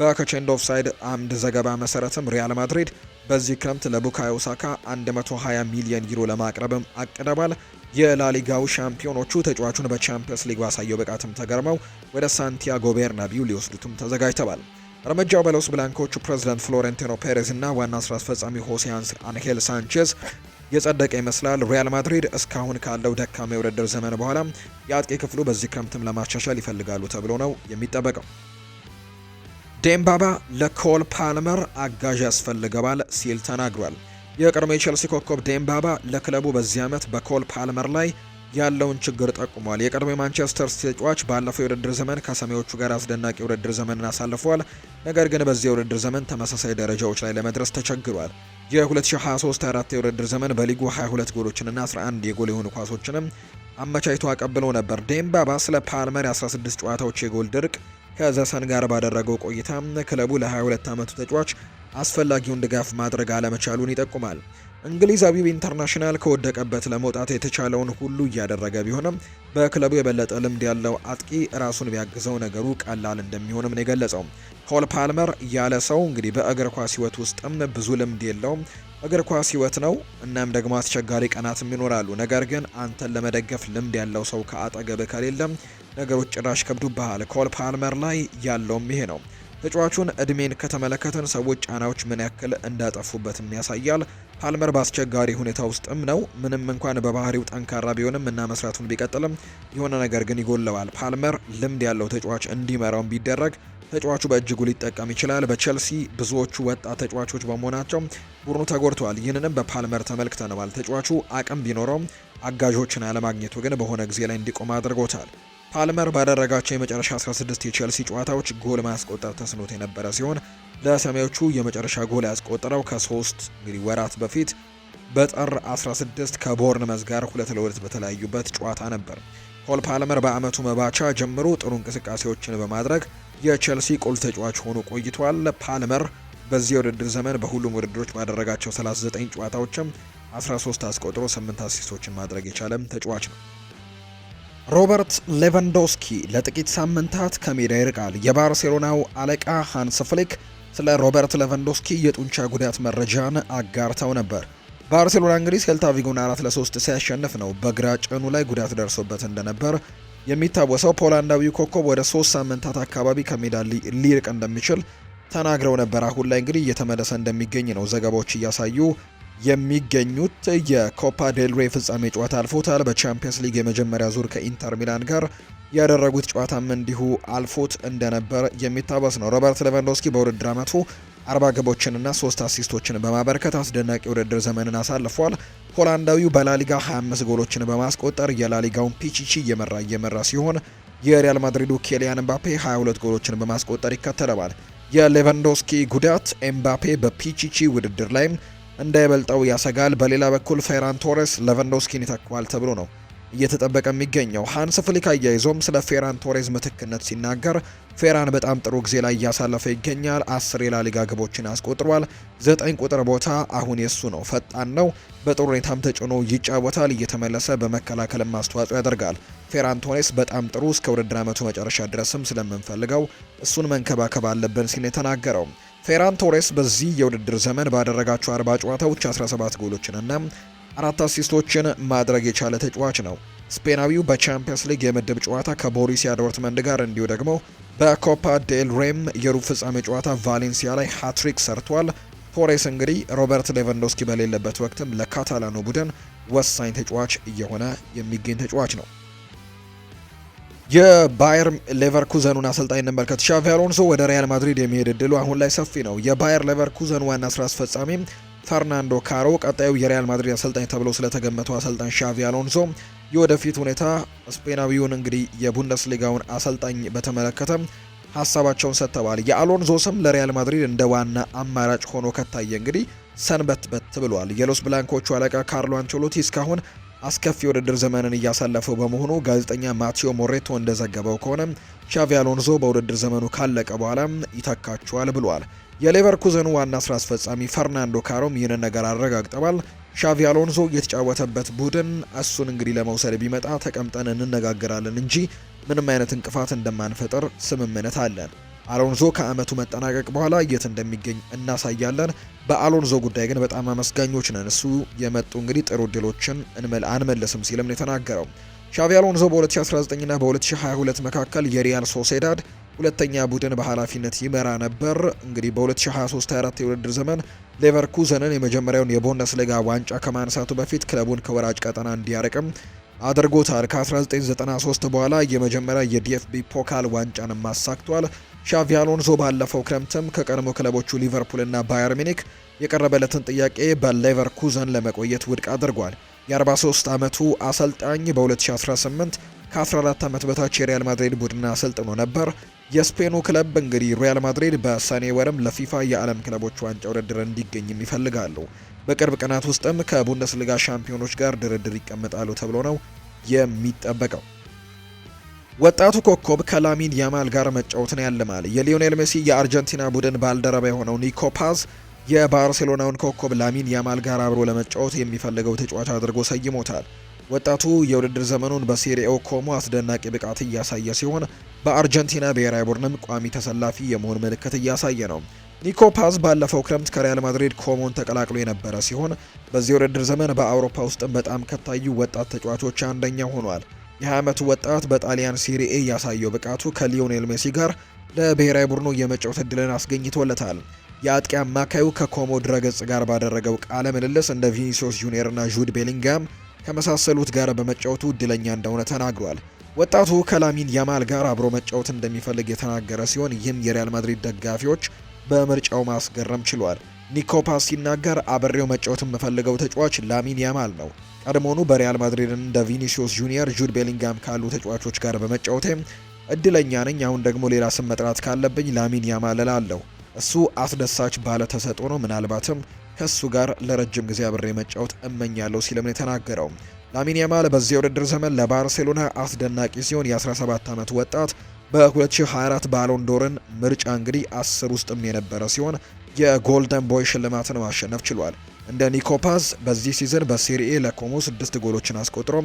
በኮቼንዶ ኦፍሳይድ አምድ ዘገባ መሰረትም ሪያል ማድሪድ በዚህ ክረምት ለቡካዮ ሳካ 120 ሚሊዮን ዩሮ ለማቅረብም አቅደዋል። የላሊጋው ሻምፒዮኖቹ ተጫዋቹን በቻምፒየንስ ሊግ ባሳየው ብቃትም ተገርመው ወደ ሳንቲያጎ ቤርናቢው ሊወስዱትም ተዘጋጅተዋል። እርምጃው በሎስ ብላንኮቹ ፕሬዚዳንት ፍሎሬንቲኖ ፔሬዝ እና ዋና ስራ አስፈጻሚ ሆሴያንስ አንሄል ሳንቼዝ የጸደቀ ይመስላል። ሪያል ማድሪድ እስካሁን ካለው ደካማ የውድድር ዘመን በኋላ የአጥቂ ክፍሉ በዚህ ክረምትም ለማሻሻል ይፈልጋሉ ተብሎ ነው የሚጠበቀው። ዴምባባ ለኮል ፓልመር አጋዥ ያስፈልገዋል ሲል ተናግሯል። የቀድሞ የቼልሲ ኮከብ ዴምባባ ለክለቡ በዚህ ዓመት በኮል ፓልመር ላይ ያለውን ችግር ጠቁሟል። የቀድሞ የማንቸስተር ሲቲ ተጫዋች ባለፈው የውድድር ዘመን ከሰሜዎቹ ጋር አስደናቂ የውድድር ዘመንን አሳልፏል። ነገር ግን በዚህ የውድድር ዘመን ተመሳሳይ ደረጃዎች ላይ ለመድረስ ተቸግሯል። የ2023/24 የውድድር ዘመን በሊጉ 22 ጎሎችንና 11 የጎል የሆኑ ኳሶችንም አመቻችቶ አቀብሎ ነበር። ዴምባባ ስለ ፓልመር የ16 ጨዋታዎች የጎል ድርቅ ከዘሰን ጋር ባደረገው ቆይታ ክለቡ ለ22 ዓመቱ ተጫዋች አስፈላጊውን ድጋፍ ማድረግ አለመቻሉን ይጠቁማል። እንግሊዛዊው ኢንተርናሽናል ከወደቀበት ለመውጣት የተቻለውን ሁሉ እያደረገ ቢሆንም በክለቡ የበለጠ ልምድ ያለው አጥቂ ራሱን ቢያግዘው ነገሩ ቀላል እንደሚሆንም ነው የገለጸው። ፖል ፓልመር ያለ ሰው እንግዲህ በእግር ኳስ ህይወት ውስጥም ብዙ ልምድ የለውም። እግር ኳስ ህይወት ነው። እናም ደግሞ አስቸጋሪ ቀናትም ይኖራሉ። ነገር ግን አንተን ለመደገፍ ልምድ ያለው ሰው ከአጠገብ ከሌለም ነገሮች ጭራሽ ከብዱብሃል። ኮል ፓልመር ላይ ያለውም ይሄ ነው። ተጫዋቹን እድሜን ከተመለከትን ሰዎች ጫናዎች ምን ያክል እንዳጠፉበትም ያሳያል። ፓልመር በአስቸጋሪ ሁኔታ ውስጥም ነው። ምንም እንኳን በባህሪው ጠንካራ ቢሆንም እና መስራቱን ቢቀጥልም የሆነ ነገር ግን ይጎለዋል። ፓልመር ልምድ ያለው ተጫዋች እንዲመራውን ቢደረግ ተጫዋቹ በእጅጉ ሊጠቀም ይችላል። በቸልሲ ብዙዎቹ ወጣት ተጫዋቾች በመሆናቸው ቡድኑ ተጎድተዋል። ይህንንም በፓልመር ተመልክተነዋል። ተጫዋቹ አቅም ቢኖረውም አጋዦችን አለማግኘቱ ግን በሆነ ጊዜ ላይ እንዲቆም አድርጎታል። ፓልመር ባደረጋቸው የመጨረሻ 16 የቼልሲ ጨዋታዎች ጎል ማስቆጠር ተስኖት የነበረ ሲሆን ለሰሜዎቹ የመጨረሻ ጎል ያስቆጠረው ከ3 እንግዲህ ወራት በፊት በጥር 16 ከቦርንመዝ ጋር ሁለት ለሁለት በተለያዩበት ጨዋታ ነበር። ፖል ፓልመር በአመቱ መባቻ ጀምሮ ጥሩ እንቅስቃሴዎችን በማድረግ የቼልሲ ቁልፍ ተጫዋች ሆኖ ቆይቷል። ፓልመር በዚህ ውድድር ዘመን በሁሉም ውድድሮች ባደረጋቸው 39 ጨዋታዎችም 13 አስቆጥሮ 8 አሲስቶችን ማድረግ የቻለም ተጫዋች ነው። ሮበርት ሌቫንዶስኪ ለጥቂት ሳምንታት ከሜዳ ይርቃል። የባርሴሎናው አለቃ ሃንስ ፍሊክ ስለ ሮበርት ሌቫንዶስኪ የጡንቻ ጉዳት መረጃን አጋርተው ነበር። ባርሴሎና እንግዲህ ሴልታ ቪጎን አራት ለሶስት ሲያሸንፍ ነው በግራ ጭኑ ላይ ጉዳት ደርሶበት እንደነበር የሚታወሰው ፖላንዳዊው ኮከብ ወደ ሶስት ሳምንታት አካባቢ ከሜዳ ሊርቅ እንደሚችል ተናግረው ነበር። አሁን ላይ እንግዲህ እየተመለሰ እንደሚገኝ ነው ዘገባዎች እያሳዩ የሚገኙት የኮፓ ዴልሬ ፍጻሜ ጨዋታ አልፎታል። በቻምፒየንስ ሊግ የመጀመሪያ ዙር ከኢንተር ሚላን ጋር ያደረጉት ጨዋታም እንዲሁ አልፎት እንደነበር የሚታወስ ነው። ሮበርት ሌቫንዶስኪ በውድድር ዓመቱ አርባ ግቦችንና ሶስት አሲስቶችን በማበረከት አስደናቂ ውድድር ዘመንን አሳልፏል። ሆላንዳዊው በላሊጋ 25 ጎሎችን በማስቆጠር የላሊጋውን ፒቺቺ እየመራ እየመራ ሲሆን የሪያል ማድሪዱ ኬሊያን ኤምባፔ 22 ጎሎችን በማስቆጠር ይከተለዋል። የሌቫንዶስኪ ጉዳት ኤምባፔ በፒቺቺ ውድድር ላይም እንዳይበልጠው ያሰጋል። በሌላ በኩል ፌራን ቶሬስ ሌቫንዶስኪን ይተኳል ተብሎ ነው እየተጠበቀ የሚገኘው። ሃንስ ፍሊክ አያይዞም ስለ ፌራን ቶሬዝ ምትክነት ሲናገር ፌራን በጣም ጥሩ ጊዜ ላይ እያሳለፈ ይገኛል። አስር የላሊጋ ግቦችን አስቆጥሯል። ዘጠኝ ቁጥር ቦታ አሁን የሱ ነው። ፈጣን ነው። በጥሩ ሁኔታም ተጭኖ ይጫወታል። እየተመለሰ በመከላከልም አስተዋጽኦ ያደርጋል። ፌራን ቶሬስ በጣም ጥሩ፣ እስከ ውድድር ዓመቱ መጨረሻ ድረስም ስለምንፈልገው እሱን መንከባከብ አለብን ሲል የተናገረው ፌራን ቶሬስ በዚህ የውድድር ዘመን ባደረጋቸው አርባ ጨዋታዎች 17 ጎሎችንና አራት አሲስቶችን ማድረግ የቻለ ተጫዋች ነው። ስፔናዊው በቻምፒየንስ ሊግ የምድብ ጨዋታ ከቦሪሲያ ዶርትመንድ ጋር እንዲሁ ደግሞ በኮፓ ዴል ሬም የሩብ ፍጻሜ ጨዋታ ቫሌንሲያ ላይ ሃትሪክ ሰርቷል። ቶሬስ እንግዲህ ሮበርት ሌቫንዶስኪ በሌለበት ወቅትም ለካታላኑ ቡድን ወሳኝ ተጫዋች እየሆነ የሚገኝ ተጫዋች ነው። የባየር ሌቨርኩዘኑን አሰልጣኝ እንመልከት። ሻቪ አሎንሶ ወደ ሪያል ማድሪድ የሚሄድ እድሉ አሁን ላይ ሰፊ ነው። የባየር ሌቨርኩዘን ዋና ስራ አስፈጻሚ ፈርናንዶ ካሮ ቀጣዩ የሪያል ማድሪድ አሰልጣኝ ተብሎ ስለተገመተው አሰልጣኝ ሻቪ አሎንሶ የወደፊት ሁኔታ ስፔናዊውን እንግዲህ የቡንደስሊጋውን አሰልጣኝ በተመለከተ ሀሳባቸውን ሰጥተዋል። የአሎንሶ ስም ለሪያል ማድሪድ እንደ ዋና አማራጭ ሆኖ ከታየ እንግዲህ ሰንበት በት ብሏል። የሎስ ብላንኮቹ አለቃ ካርሎ አንቸሎቲ እስካሁን አስከፊ ውድድር ዘመንን እያሳለፈው በመሆኑ ጋዜጠኛ ማቲዮ ሞሬቶ እንደዘገበው ከሆነ ሻቪ አሎንዞ በውድድር ዘመኑ ካለቀ በኋላ ይተካቸዋል ብሏል። የሌቨርኩዘኑ ዋና ስራ አስፈጻሚ ፈርናንዶ ካሮም ይህንን ነገር አረጋግጠዋል። ሻቪ አሎንዞ የተጫወተበት ቡድን እሱን እንግዲህ ለመውሰድ ቢመጣ ተቀምጠን እንነጋገራለን እንጂ ምንም አይነት እንቅፋት እንደማንፈጥር ስምምነት አለን። አሎንዞ ከአመቱ መጠናቀቅ በኋላ የት እንደሚገኝ እናሳያለን። በአሎንዞ ጉዳይ ግን በጣም አመስጋኞች ነን። እሱ የመጡ እንግዲህ ጥሩ እድሎችን አንመልስም ሲልም የተናገረው። ሻቪ አሎንዞ በ2019 ና በ2022 መካከል የሪያል ሶሴዳድ ሁለተኛ ቡድን በኃላፊነት ይመራ ነበር። እንግዲህ በ2023/24 የውድድር ዘመን ሌቨርኩዘንን የመጀመሪያውን የቡንደስሊጋ ዋንጫ ከማንሳቱ በፊት ክለቡን ከወራጭ ቀጠና እንዲያርቅም አድርጎታል። ከ1993 በኋላ የመጀመሪያ የዲኤፍቢ ፖካል ዋንጫንም አሳክቷል። ሻቪ አሎንሶ ባለፈው ክረምትም ከቀድሞ ክለቦቹ እና ባየር ሚኒክ የቀረበለትን ጥያቄ በሌቨርኩዘን ለመቆየት ውድቅ አድርጓል። የ43 ዓመቱ አሰልጣኝ በ2018 ከ14 ዓመት በታች የሪያል ማድሪድ ቡድን አሰልጥኖ ነበር። የስፔኑ ክለብ እንግዲህ ሪያል ማድሪድ በሰኔ ወርም ለፊፋ የዓለም ክለቦች ዋንጫ ውድድር እንዲገኝም ይፈልጋሉ። በቅርብ ቀናት ውስጥም ከቡንደስሊጋ ሻምፒዮኖች ጋር ድርድር ይቀመጣሉ ተብሎ ነው የሚጠበቀው። ወጣቱ ኮከብ ከላሚን ያማል ጋር መጫወትን ያልማል። የሊዮኔል ሜሲ የአርጀንቲና ቡድን ባልደረባ የሆነው ኒኮ ፓዝ የባርሴሎናውን ኮከብ ላሚን ያማል ጋር አብሮ ለመጫወት የሚፈልገው ተጫዋች አድርጎ ሰይሞታል። ወጣቱ የውድድር ዘመኑን በሴሪኤው ኮሞ አስደናቂ ብቃት እያሳየ ሲሆን በአርጀንቲና ብሔራዊ ቡድንም ቋሚ ተሰላፊ የመሆን ምልክት እያሳየ ነው። ኒኮ ፓዝ ባለፈው ክረምት ከሪያል ማድሪድ ኮሞን ተቀላቅሎ የነበረ ሲሆን በዚህ ውድድር ዘመን በአውሮፓ ውስጥም በጣም ከታዩ ወጣት ተጫዋቾች አንደኛው ሆኗል። የ20 ዓመቱ ወጣት በጣሊያን ሲሪኤ ያሳየው ብቃቱ ከሊዮኔል ሜሲ ጋር ለብሔራዊ ቡድኑ የመጫወት እድልን አስገኝቶለታል። የአጥቂ አማካዩ ከኮሞ ድረገጽ ጋር ባደረገው ቃለ ምልልስ እንደ ቪኒሲዮስ ጁኒየርና ጁድ ቤሊንጋም ከመሳሰሉት ጋር በመጫወቱ እድለኛ እንደሆነ ተናግሯል። ወጣቱ ከላሚን ያማል ጋር አብሮ መጫወት እንደሚፈልግ የተናገረ ሲሆን ይህም የሪያል ማድሪድ ደጋፊዎች በምርጫው ማስገረም ችሏል። ኒኮፓ ሲናገር አብሬው መጫወት የምፈልገው ተጫዋች ላሚን ያማል ነው። ቀድሞኑ በሪያል ማድሪድ እንደ ቪኒሲዮስ ጁኒየር፣ ጁድ ቤሊንጋም ካሉ ተጫዋቾች ጋር በመጫወቴ እድለኛ ነኝ። አሁን ደግሞ ሌላ ስም መጥራት ካለብኝ ላሚን ያማል እላለሁ። እሱ አስደሳች ባለ ተሰጥኦ ነው። ምናልባትም ከሱ ጋር ለረጅም ጊዜ አብሬ መጫወት እመኛለሁ ሲልም የተናገረው። ላሚን ያማል በዚህ የውድድር ዘመን ለባርሴሎና አስደናቂ ሲሆን የ17 ዓመት ወጣት በ2024 ባሎን ዶርን ምርጫ እንግዲህ አስር ውስጥም የነበረ ሲሆን የጎልደን ቦይ ሽልማትን ማሸነፍ ችሏል። እንደ ኒኮፓዝ በዚህ ሲዝን በሴሪኤ ለኮሞ ስድስት ጎሎችን አስቆጥሮ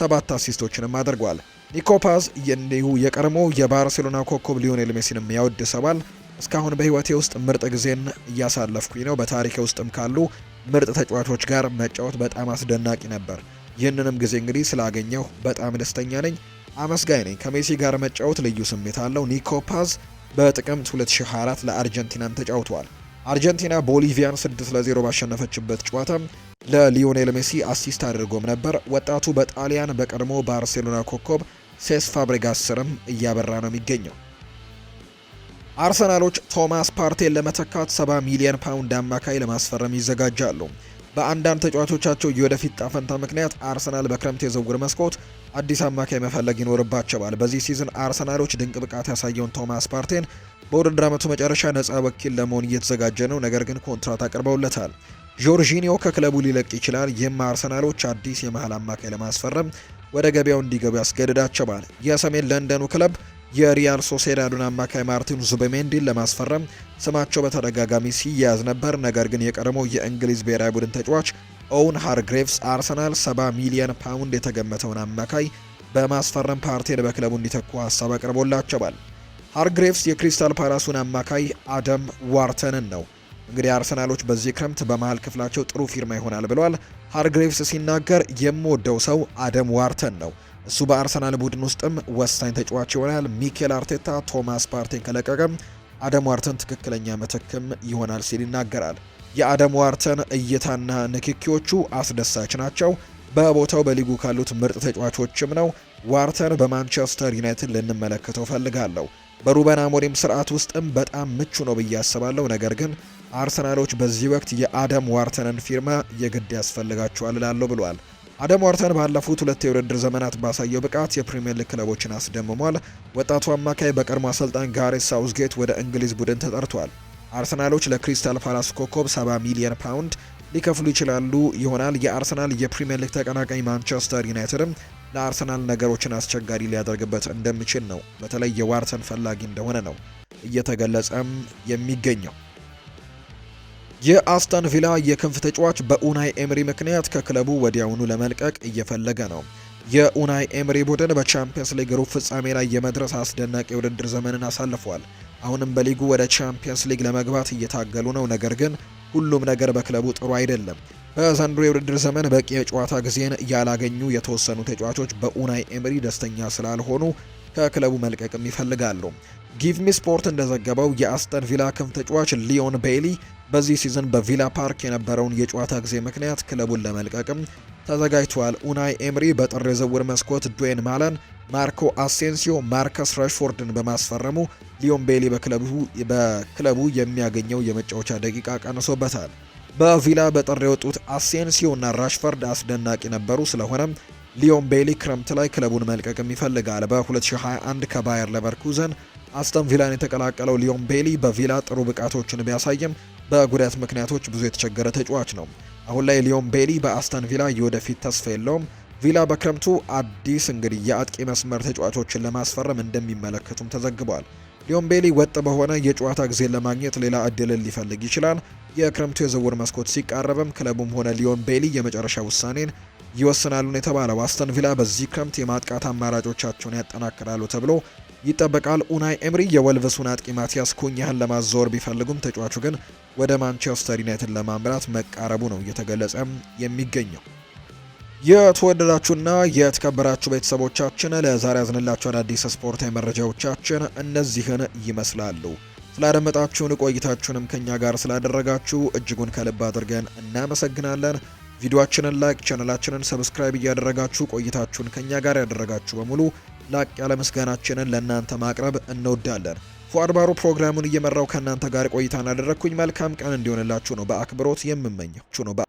ሰባት አሲስቶችንም አድርጓል። ኒኮፓዝ እንዲሁ የቀድሞ የባርሴሎና ኮከብ ሊዮኔል ሜሲንም ያወድሰዋል። እስካሁን በህይወቴ ውስጥ ምርጥ ጊዜን እያሳለፍኩኝ ነው። በታሪኬ ውስጥም ካሉ ምርጥ ተጫዋቾች ጋር መጫወት በጣም አስደናቂ ነበር። ይህንንም ጊዜ እንግዲህ ስላገኘሁ በጣም ደስተኛ ነኝ። አመስጋኝ ነኝ። ከሜሲ ጋር መጫወት ልዩ ስሜት አለው። ኒኮ ፓዝ በጥቅምት 2024 ለአርጀንቲናም ተጫውቷል። አርጀንቲና ቦሊቪያን 6 ለ0 ባሸነፈችበት ጨዋታ ለሊዮኔል ሜሲ አሲስት አድርጎም ነበር። ወጣቱ በጣሊያን በቀድሞ ባርሴሎና ኮከብ ሴስ ፋብሬጋስ ስርም እያበራ ነው የሚገኘው። አርሰናሎች ቶማስ ፓርቴን ለመተካት 70 ሚሊዮን ፓውንድ አማካይ ለማስፈረም ይዘጋጃሉ። በአንዳንድ ተጫዋቾቻቸው የወደፊት ጣፈንታ ምክንያት አርሰናል በክረምት የዝውውር መስኮት አዲስ አማካይ መፈለግ ይኖርባቸዋል። በዚህ ሲዝን አርሰናሎች ድንቅ ብቃት ያሳየውን ቶማስ ፓርቴን በውድድር ዓመቱ መጨረሻ ነፃ ወኪል ለመሆን እየተዘጋጀ ነው፣ ነገር ግን ኮንትራት አቅርበውለታል። ጆርጂኒዮ ከክለቡ ሊለቅ ይችላል። ይህም አርሰናሎች አዲስ የመሃል አማካይ ለማስፈረም ወደ ገበያው እንዲገቡ ያስገድዳቸዋል። የሰሜን ለንደኑ ክለብ የሪያል ሶሴዳዱን አማካይ ማርቲን ዙቤሜንዲን ለማስፈረም ስማቸው በተደጋጋሚ ሲያያዝ ነበር። ነገር ግን የቀድሞው የእንግሊዝ ብሔራዊ ቡድን ተጫዋች ኦውን ሃርግሬቭስ አርሰናል 70 ሚሊዮን ፓውንድ የተገመተውን አማካይ በማስፈረም ፓርቴን በክለቡ እንዲተኩ ሀሳብ አቅርቦላቸዋል። ሃርግሬቭስ የክሪስታል ፓላሱን አማካይ አደም ዋርተንን ነው እንግዲህ አርሰናሎች በዚህ ክረምት በመሃል ክፍላቸው ጥሩ ፊርማ ይሆናል ብለዋል። ሃርግሬቭስ ሲናገር የምወደው ሰው አደም ዋርተን ነው እሱ በአርሰናል ቡድን ውስጥም ወሳኝ ተጫዋች ይሆናል። ሚኬል አርቴታ ቶማስ ፓርቲን ከለቀቀም አደም ዋርተን ትክክለኛ ምትክም ይሆናል ሲል ይናገራል። የአደም ዋርተን እይታና ንክኪዎቹ አስደሳች ናቸው። በቦታው በሊጉ ካሉት ምርጥ ተጫዋቾችም ነው። ዋርተን በማንቸስተር ዩናይትድ ልንመለከተው ፈልጋለሁ። በሩበን አሞሪም ስርዓት ውስጥም በጣም ምቹ ነው ብዬ አስባለሁ። ነገር ግን አርሰናሎች በዚህ ወቅት የአደም ዋርተንን ፊርማ የግድ ያስፈልጋቸዋል እላለሁ ብሏል። አደም ዋርተን ባለፉት ሁለት የውድድር ዘመናት ባሳየው ብቃት የፕሪምየር ሊግ ክለቦችን አስደምሟል። ወጣቱ አማካይ በቀድሞ አሰልጣኝ ጋሬት ሳውዝጌት ወደ እንግሊዝ ቡድን ተጠርቷል። አርሰናሎች ለክሪስታል ፓላስ ኮከብ 70 ሚሊዮን ፓውንድ ሊከፍሉ ይችላሉ ይሆናል። የአርሰናል የፕሪምየር ሊግ ተቀናቃኝ ማንቸስተር ዩናይትድም ለአርሰናል ነገሮችን አስቸጋሪ ሊያደርግበት እንደሚችል ነው። በተለይ የዋርተን ፈላጊ እንደሆነ ነው እየተገለጸም የሚገኘው። የአስተን ቪላ የክንፍ ተጫዋች በኡናይ ኤምሪ ምክንያት ከክለቡ ወዲያውኑ ለመልቀቅ እየፈለገ ነው። የኡናይ ኤምሪ ቡድን በቻምፒየንስ ሊግ ሩብ ፍጻሜ ላይ የመድረስ አስደናቂ የውድድር ዘመንን አሳልፏል። አሁንም በሊጉ ወደ ቻምፒየንስ ሊግ ለመግባት እየታገሉ ነው። ነገር ግን ሁሉም ነገር በክለቡ ጥሩ አይደለም። በዘንድሮ የውድድር ዘመን በቂ የጨዋታ ጊዜን ያላገኙ የተወሰኑ ተጫዋቾች በኡናይ ኤምሪ ደስተኛ ስላልሆኑ ከክለቡ መልቀቅም ይፈልጋሉ። ጊቭ ሚ ስፖርት እንደዘገበው የአስተን ቪላ ክንፍ ተጫዋች ሊዮን ቤይሊ በዚህ ሲዝን በቪላ ፓርክ የነበረውን የጨዋታ ጊዜ ምክንያት ክለቡን ለመልቀቅም ተዘጋጅቷል። ኡናይ ኤምሪ በጥር የዝውውር መስኮት ዱዌን ማለን፣ ማርኮ አሴንሲዮ፣ ማርከስ ራሽፎርድን በማስፈረሙ ሊዮን ቤይሊ በክለቡ የሚያገኘው የመጫወቻ ደቂቃ ቀንሶበታል። በቪላ በጥር የወጡት አሴንሲዮ እና ራሽፈርድ አስደናቂ ነበሩ። ስለሆነም ሊዮን ቤሊ ክረምት ላይ ክለቡን መልቀቅም ይፈልጋል። በ2021 ከባየር ለቨርኩዘን አስተን ቪላን የተቀላቀለው ሊዮን ቤሊ በቪላ ጥሩ ብቃቶችን ቢያሳይም በጉዳት ምክንያቶች ብዙ የተቸገረ ተጫዋች ነው። አሁን ላይ ሊዮን ቤሊ በአስተን ቪላ የወደፊት ተስፋ የለውም። ቪላ በክረምቱ አዲስ እንግዲህ የአጥቂ መስመር ተጫዋቾችን ለማስፈረም እንደሚመለከቱም ተዘግቧል። ሊዮን ቤሊ ወጥ በሆነ የጨዋታ ጊዜን ለማግኘት ሌላ እድልን ሊፈልግ ይችላል። የክረምቱ የዝውውር መስኮት ሲቃረብም ክለቡም ሆነ ሊዮን ቤሊ የመጨረሻ ውሳኔን ይወስናሉ ነው የተባለው። አስተን ቪላ በዚህ ክረምት የማጥቃት አማራጮቻቸውን ያጠናክራሉ ተብሎ ይጠበቃል። ኡናይ ኤምሪ የወልቭሱን አጥቂ ማቲያስ ኩኛህን ለማዛወር ቢፈልጉም ተጫዋቹ ግን ወደ ማንቸስተር ዩናይትድ ለማምራት መቃረቡ ነው እየተገለጸ የሚገኘው። የተወደዳችሁና የተከበራችሁ ቤተሰቦቻችን ለዛሬ ያዝንላችሁ አዳዲስ ስፖርታዊ መረጃዎቻችን እነዚህን ይመስላሉ። ስላደመጣችሁን ቆይታችሁንም ከኛ ጋር ስላደረጋችሁ እጅጉን ከልብ አድርገን እናመሰግናለን። ቪዲዮአችንን ላይክ፣ ቻነላችንን ሰብስክራይብ እያደረጋችሁ ቆይታችሁን ከኛ ጋር ያደረጋችሁ በሙሉ ላቅ ያለ ምስጋናችንን ለእናንተ ማቅረብ እንወዳለን። ፉአድ ፕሮግራሙን እየመራው ከእናንተ ጋር ቆይታን አደረግኩኝ። መልካም ቀን እንዲሆንላችሁ ነው በአክብሮት የምመኘችሁ ነው።